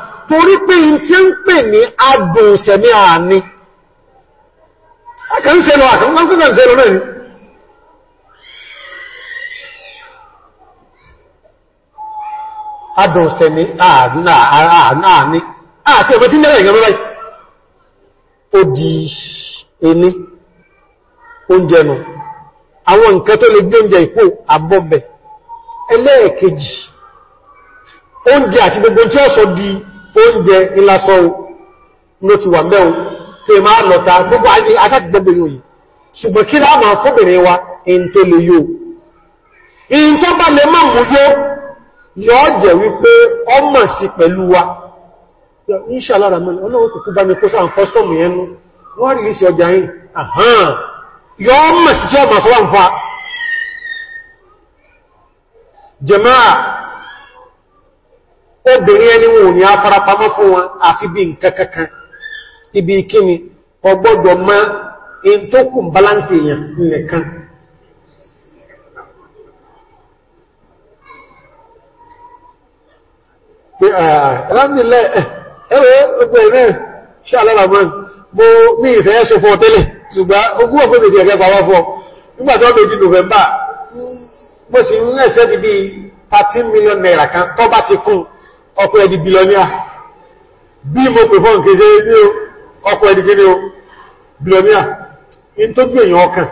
torí pé in tí ń pè ní adùn ìṣẹ̀mí àní akẹ́ńsẹ̀lọ akẹ́ńsẹ̀lọ náà ni adùn ìṣẹ̀mí àní àti ẹ̀fẹ́ tí ń lẹ́rẹ̀ ìgbẹ̀rẹ̀ ó di ẹni oúnjẹ nù àwọn nǹkan tó lè gbé oúnjẹ ìpò àbọ́bẹ̀ ẹlẹ́ẹ̀kejì oúnjẹ àti gbogbo tí ó sọ di oúnjẹ ìlàsọ́ ló ti wà mẹ́un tí máa lọ̀ta gbogbo aṣáti gbogbo yóò yìí ṣùgbọ́n kí láàmà fóbìnrin wa in tó lè yóò in tó bá lè máa mú yóò yóò jẹ́ wípé ọmọ sí wa inshallah yi obìnrin ẹni wọn ò ní afarapamọ́ fún wọn àfi bí nǹkan kankan ibi ìkíni ọgbọ́dọ̀ mọ́ in tó kùn balansi èèyàn nìkan ẹ̀lámìlẹ̀ ẹ̀wẹ́ ọgbẹ̀ ìrìn ṣe alálàmọ́ mo ní ìfẹ́ ẹ́sọ fún ọtẹ́lẹ̀ ṣùgbọ́n ogún ọgbẹ́ méjì ẹ̀kẹ́ pàwọ́ fún ọ nígbàtí ọgbẹ̀ ìdí November mo sì ń ẹ̀sẹ́ ti bí 13 million naira kan tó bá ti kún ọkọ̀ ẹ̀dì bilonia bí mo pè fọ́n kìí ṣe ní ọkọ̀ ẹ̀dì kí o billionaire in tó gbé èyàn ọkàn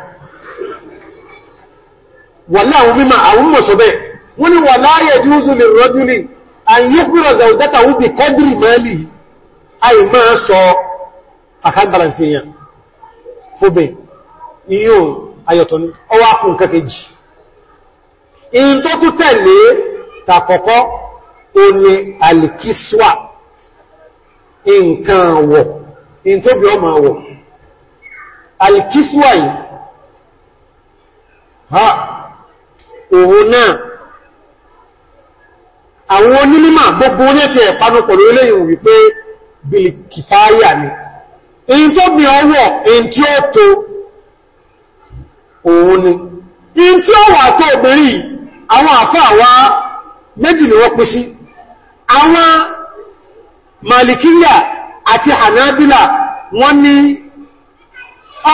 wà láàrùn mímọ̀ àwọn mọ̀sọ̀ bẹ́ẹ̀ wọ́n ni wà láàyè dúúsù lè rọ́jú ní àyíkúrọ̀ zàúdátà wúbi kọ́dìrì mẹ́lì àì máa sọ àkábàlànsì èèyàn iyo ó ní alikiswa nǹkan wọ̀ in tó bí ọmọ wọ̀ alikiswa yìí ha òun náà àwọn onímọ̀ gbogbo ní ti ẹ̀pánu pẹ̀lú eléyìn wípé bilikifáyà ni èyí tó bí ọwọ́ èyí tí ó tó òun ni èyí tí ó wà tó obìnrin àwọn àfáà wá méjì ni wọ́n pín sí àwọn malikiya àti hanabila wọ́n ní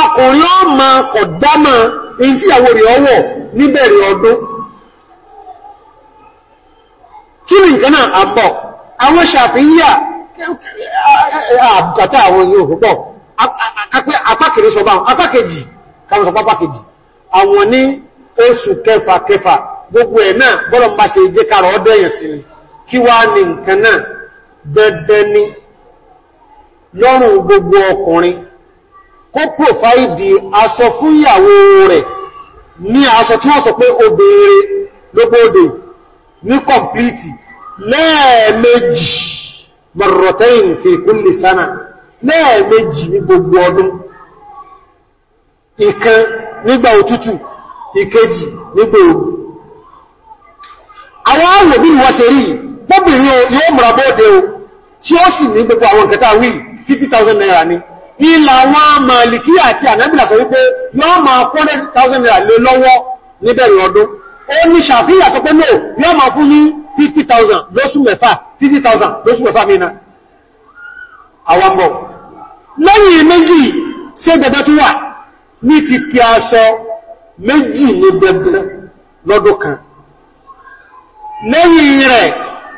ọkùnrin ma kò dámà in tí ìyàwó rẹ̀ ọwọ́ níbẹ̀rẹ̀ ọdún kí ni nǹkan náà àbọ̀ àwọn ṣàfihíyà àbùkàtà àwọn yóò púpọ̀ apákèrè sọ bá wọn apákèjì àwọn ní oṣù gbogbo ẹ̀ náà bọ́lọ̀ bá ṣe ọdọ́ ẹ̀yẹ̀ kí wá ní nǹkan náà bẹ́ẹ̀bẹ́ ní lọ́rùn gbogbo ọkùnrin kó pòfáìdì aṣọ fún ìyàwó rẹ̀ ní aṣọ tí wọ́n sọ pé obèèrè lóbóòdè ní kọ̀mplìtì lẹ́ẹ̀mejì marratayn fi kulli sana lẹ́ẹ̀mejì ní gbogbo ọdún ìkan nígbà òtútù ìkejì nígbà òru àwọn àwòbí wọ́n ṣe rí yìí bóbìnrin yóò múra bóòdé o tí ó sì ní gbogbo àwọn nǹkan táwí 50,000 naira ni ìlà àwọn màlìkí àti ànábìlà sọ wípé yóò máa 400,000 naira lé lọ́wọ́ níbẹ̀rẹ̀ ọdún ó ní ṣàfíyà sọ pé no yóò máa fún ní 50,000 lóṣù mẹ́fà 50,000 lóṣù mẹ́fà mìíràn àwọ̀mọ̀ lẹ́yìn méjì sí ẹgbẹ̀gbẹ̀ tó wà ní ti ti aṣọ méjì ní gbẹ̀gbẹ̀ lọ́dún kan lẹ́yìn rẹ̀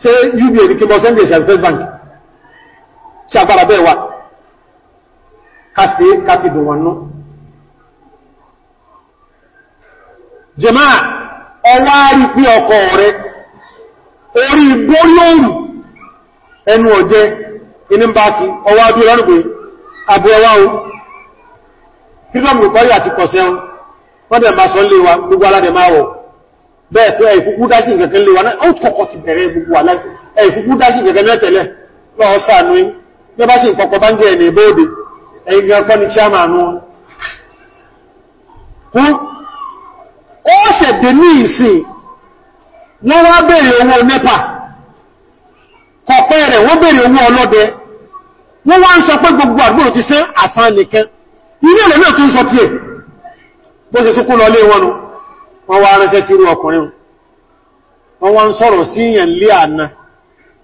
ṣé uba ní kí bọ́ sẹ́ndì first bank ṣe agbára bẹ́ẹ̀ wà kásí káfí dùn wọn nú ọwá rí ọkọ̀ rẹ orí igbó ẹnu ọ̀jẹ́ inú bá kí ọwá bí ọlọ́rùn àbú ọwá o freedom republic àti kọ̀sẹ̀ wọ́n dẹ̀ máa sọ lé wa gbogbo bẹ́ẹ̀ tó ẹ̀kúkú dásí ìgẹ̀kẹ́ lè wà náà ó kọ̀kọ́ ti bẹ̀rẹ̀ gbogbo wà láì ẹ̀kúkú dásí ìgẹ̀kẹ́ náà tẹ̀lẹ̀ lọ́wọ́ sáànú yẹ́ bá sì kọ̀kọ́ bá ń jẹ́ ẹ̀nà ìbóòdè ẹ̀yìn gan kọ́ ni chairman wọn ó ṣẹ̀dẹ̀ ní ìsìn wọ́n wá bèèrè owó nẹ́pà kọ̀pẹ́ rẹ̀ wọ́n bèèrè owó ọlọ́dẹ wọ́n wá ń sọ pé gbogbo àgbòrò ti sẹ́ àfáà nìkan ilé rẹ̀ náà tó ń sọ tí ẹ̀ bó ṣe tó kó wọ́n wá ránṣẹ́ sí irú ọkùnrin wọ́n wá ń sọ̀rọ̀ sí ìyàn lé àná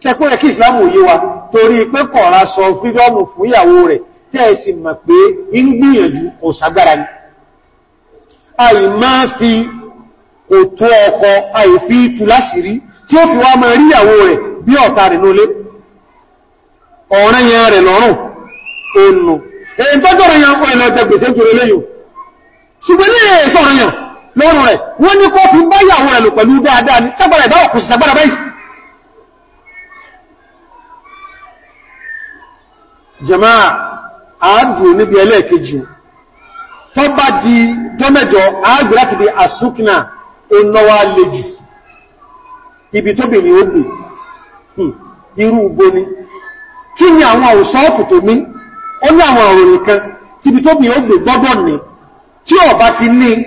ṣẹ́kọ́ rẹ̀ kí ìsìlámù yé wa torí pé kọ̀ọ̀rá sọ fídọ́mù fún ìyàwó rẹ̀ tẹ́ẹ̀sì mọ̀ pé ń gbìyànjú ọ̀sàgbára ni àì máa fi òtó ọkọ̀ àì fi tú láṣìírí tí ó fi wá máa rí ìyàwó rẹ̀ bí ọ̀tá rẹ̀ lólé ọ̀rẹ́ rẹ̀ lọ́rùn lọ́rùn rẹ̀ wọ́n ní kọ́ fi ń báyà àwọn ẹ̀lò pẹ̀lú dáadáa ní tágbàrà ìbáwọ̀ kò sì sàgbàrà báyìí àádùn níbi ẹlẹ́ẹ̀kejì tó bá di jọmẹ́jọ àádùn láti di ibi hmm, ni ọba ti ní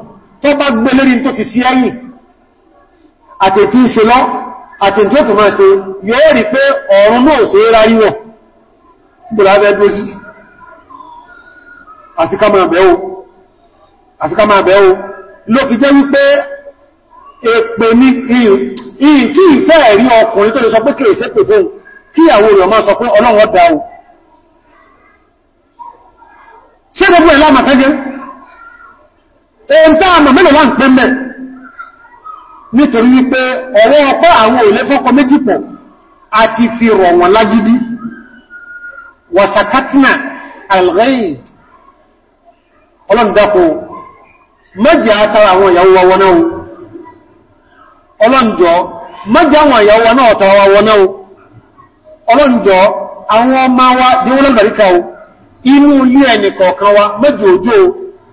tó bá gbé lórí tó ti sí ẹ̀yìn àtẹ̀tí ìṣe lọ àtẹ̀tí ó tó máa ṣe yóò rí pé ọ̀run náà ṣe rárí wọ̀ gbọ́lábẹ́ dósí àti ká máa bẹ̀ẹ́wò ló fi jẹ́ wípé èpè ní ìyìn kí ìfẹ́ ẹ̀rí ọkùnrin tó lè sọ pé kèrè sẹ́pẹ̀ fún kí àwọn èèyàn máa sọ pé ọlọ́run ọ̀dá o ṣe gbogbo ẹ̀lá màtẹ́jẹ́ ohun tá àmà mẹ́lọ̀ wá ń pẹ́ mẹ́ nítorí wípé ọ̀rọ̀ ọpẹ́ àwọn òlé fọ́kọ méjì pọ̀ àti fi rọ̀ wọn lágídí wàsàkátínà alghaid ọlọ́ndàkùn méjì àtàrà àwọn ìyàwó wa wọnáwó ọlọ́njọ́ méjì àwọn ìyàwó wa náà tàwà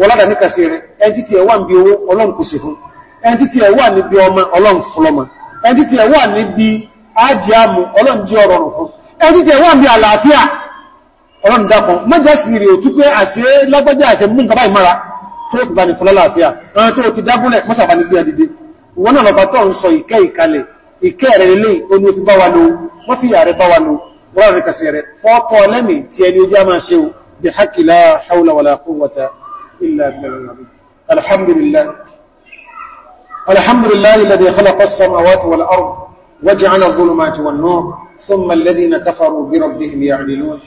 wọ́lọ́dà ní kàṣẹ rẹ̀ ẹni tí ẹwà níbi owó ọlọ́run kò sí fún ẹni tí ẹwà níbi ọmọ ọlọ́run fúnlọ́mọ ẹni tí ẹwà níbi ájíàmù ọlọ́run jẹ́ ọrọ̀rùn fún ẹni tí ẹwà níbi àlàáfíà ọlọ́run dákan mọ́jẹ́ sí rẹ̀ òtú pé àṣẹ lágbọ́jẹ́ àṣẹ mú nǹkan báyìí mara tó ti bá ní fọlọ́láàfíà ọ̀rọ̀ tó ti dágúnlẹ̀ mọ́sàbá ní gbé adìde wọn náà bàbá tó ń sọ ìkẹ́ ìkalẹ̀ ìkẹ́ rẹ̀ lè wọ́n fi kàṣẹ̀ rẹ̀ fọ́ọ̀kọ́ lẹ́mì tí ẹni ojú a máa ṣe bí hákìlá haúlà wàlà kúwàtà إلا بالعلم الحمد لله الحمد لله الذي خلق السماوات والأرض وجعل الظلمات والنور ثم الذين كفروا بربهم يعدلون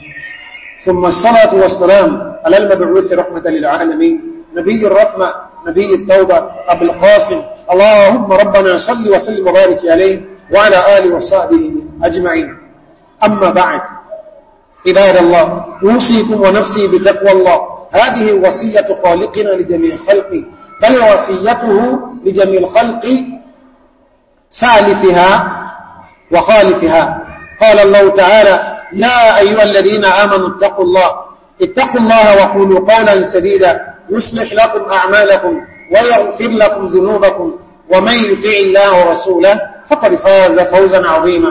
ثم الصلاة والسلام على المبعوث رحمة للعالمين نبي الرحمة نبي التوبة أبو القاسم اللهم ربنا صل وسلم وبارك عليه وعلى آله وصحبه أجمعين أما بعد عباد الله أوصيكم ونفسي بتقوى الله هذه وصية خالقنا لجميع خلقه بل وصيته لجميع الخلق سالفها وخالفها قال الله تعالى يا أيها الذين آمنوا اتقوا الله اتقوا الله وقولوا قولا سديدا يصلح لكم أعمالكم ويغفر لكم ذنوبكم ومن يطع الله ورسوله فقد فاز فوزا عظيما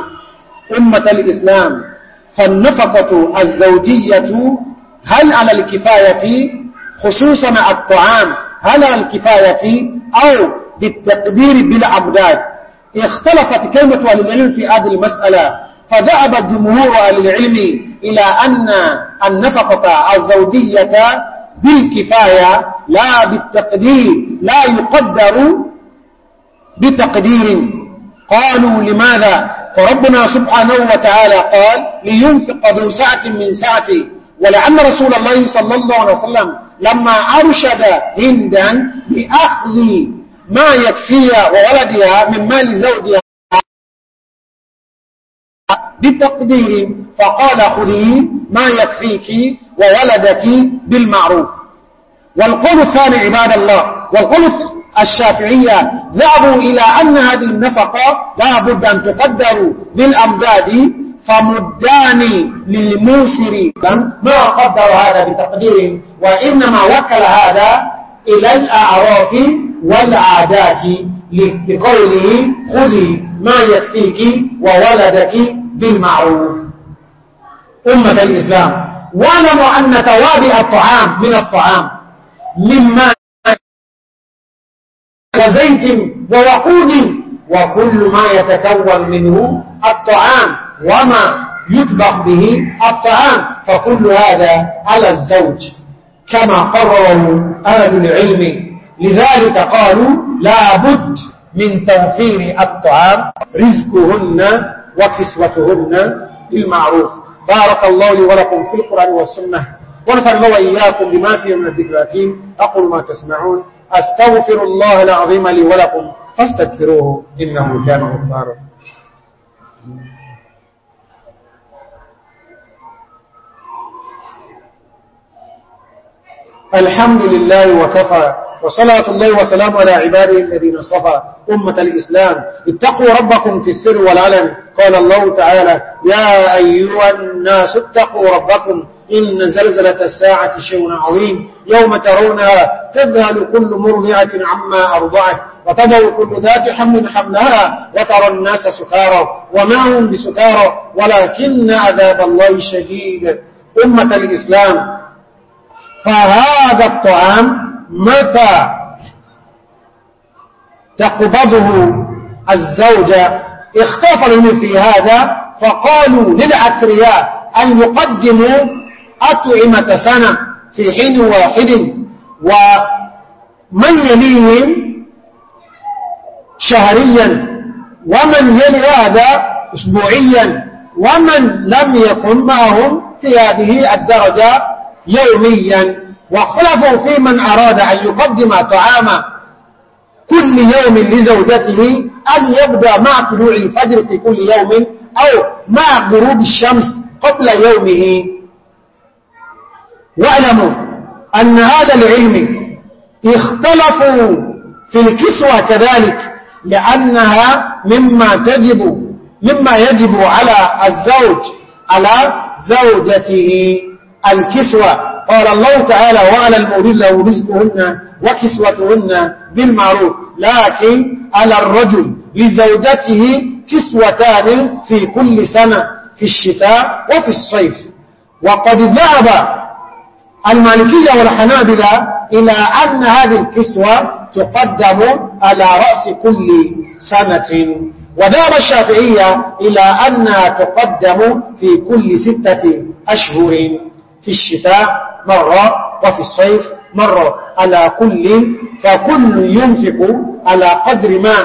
أمة الإسلام فالنفقة الزوجية هل على الكفاية خصوصا الطعام هل على الكفاية أو بالتقدير بالعبداد اختلفت كلمة أهل العلم في هذه المسألة فذهب جمهور أهل العلم إلى أن النفقة الزوجية بالكفاية لا بالتقدير لا يقدر بتقدير قالوا لماذا فربنا سبحانه وتعالى قال لينفق ذو سعة من ساعته ولعن رسول الله صلى الله عليه وسلم لما أرشد هندا بأخذ ما يكفيها وولدها من مال زوجها بتقدير فقال خذي ما يكفيك وولدك بالمعروف والقول الثاني عباد الله والقول الشافعية ذهبوا إلى أن هذه النفقة لا بد أن تقدر بالأمداد فمداني للموسر ما قدر هذا بتقدير وإنما وكل هذا إلى الأعراف والعادات لقوله خذي ما يكفيك وولدك بالمعروف أمة الإسلام واعلموا أن توابع الطعام من الطعام مما وزيت ووقود وكل ما يتكون منه الطعام وما يطبخ به الطعام فكل هذا على الزوج كما قرروا أهل العلم لذلك قالوا لابد من توفير الطعام رزقهن وكسوتهن بالمعروف بارك الله لي ولكم في القرآن والسنة ونفر الله وإياكم بما فيه من الذكر الأكيم أقول ما تسمعون أستغفر الله العظيم لي ولكم فاستغفروه إنه كان غفارا الحمد لله وكفى وصلاة الله وسلام على عباده الذين اصطفى أمة الإسلام اتقوا ربكم في السر والعلن قال الله تعالى يا أيها الناس اتقوا ربكم إن زلزلة الساعة شيء عظيم يوم ترونها تذهل كل مرضعة عما أرضعت وتدعو كل ذات حمل حملها وترى الناس سكارا وما هم بسكارا ولكن عذاب الله شديد أمة الإسلام فهذا الطعام متى تقبضه الزوجة اختفروا في هذا فقالوا للعثرياء أن يقدموا أطعمة سنة في حين واحد ومن يليهم شهريا ومن يلي هذا أسبوعيا ومن لم يكن معهم في هذه الدرجة يوميا واختلفوا في من أراد أن يقدم طعام كل يوم لزوجته أن يبدأ مع طلوع الفجر في كل يوم أو مع غروب الشمس قبل يومه واعلموا أن هذا العلم اختلفوا في الكسوة كذلك لأنها مما تجب مما يجب على الزوج على زوجته الكسوة قال الله تعالى وعلى المولود له رزقهن وكسوتهن بالمعروف لكن على الرجل لزوجته كسوتان في كل سنة في الشتاء وفي الصيف وقد ذهب المالكية والحنابلة إلى أن هذه الكسوة تقدم على رأس كل سنة وذهب الشافعية إلى أنها تقدم في كل ستة أشهر في الشتاء مرة وفي الصيف مرة على كل فكل ينفق على قدر ما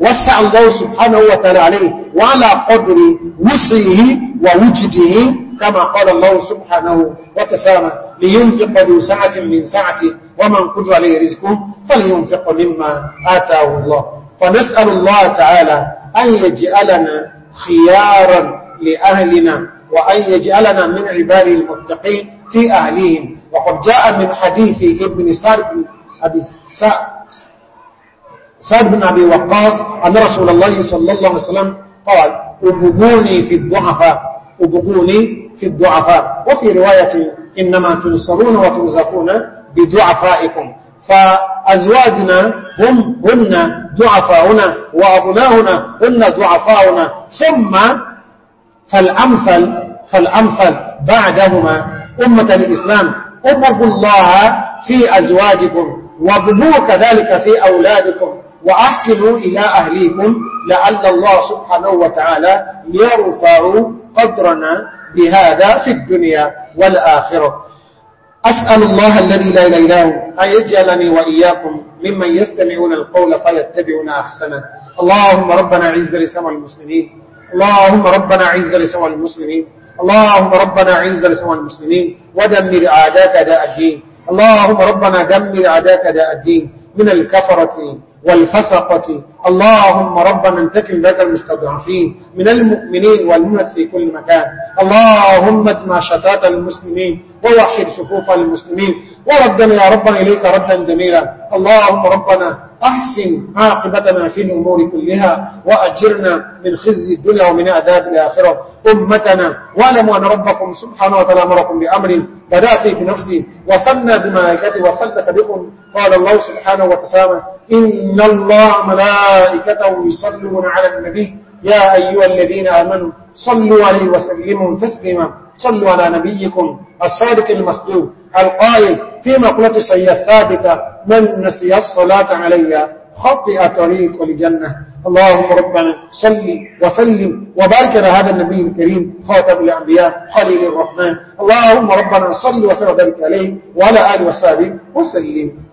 وسع الله سبحانه وتعالى عليه وعلى قدر وسعه ووجده كما قال الله سبحانه وتسامى لينفق ذو سعة من سعته ومن قدر عليه رزقه فلينفق مما آتاه الله فنسأل الله تعالى أن يجعلنا خيارا لأهلنا وأن يجعلنا من عباده المتقين في أهليهم وقد جاء من حديث ابن سعد بن أبي سعد بن أبي وقاص أن رسول الله صلى الله عليه وسلم قال أبقوني في الضعفاء أبقوني في الضعفاء وفي رواية إنما تنصرون وتنزقون بضعفائكم فأزواجنا هم هن ضعفاؤنا وأبناؤنا هن ضعفاؤنا ثم فالأمثل فالأمثل بعدهما أمة الإسلام أمروا الله في أزواجكم وابنوا كذلك في أولادكم وأحسنوا إلى أهليكم لعل الله سبحانه وتعالى يرفع قدرنا بهذا في الدنيا والآخرة أسأل الله الذي لا إله إلا هو أن يجعلني وإياكم ممن يستمعون القول فيتبعون أحسنه اللهم ربنا عز لسمع المسلمين اللهم ربنا عز لسوى المسلمين اللهم ربنا عز لسوى المسلمين ودمر أعداك داء الدين اللهم ربنا دمر أعداك داء الدين من الكفرة والفسقة اللهم ربنا انتكم لك المستضعفين من المؤمنين والمنث في كل مكان اللهم اجمع شتات المسلمين ووحد صفوف المسلمين وردنا يا ربنا إليك ردا جميلا اللهم ربنا أحسن عاقبتنا في الأمور كلها وأجرنا من خزي الدنيا ومن أداب الآخرة أمتنا واعلموا أن ربكم سبحانه وتعالى أمركم بأمر بدأ فيه بنفسه وثنى بملائكته وثلث بكم قال الله سبحانه وتسامى إن الله ملائكته يصلون على النبي يا أيها الذين آمنوا صلوا عليه وسلموا تسليما صلوا على نبيكم الصادق المصدوق القائل في مقولة الشيء الثابتة من نسي الصلاة علي خطئ طريق لجنة اللهم ربنا صل وسلم وبارك على هذا النبي الكريم خاتم الأنبياء خليل الرحمن اللهم ربنا صل وسلم وبارك عليه وعلى آله وصحبه وسلم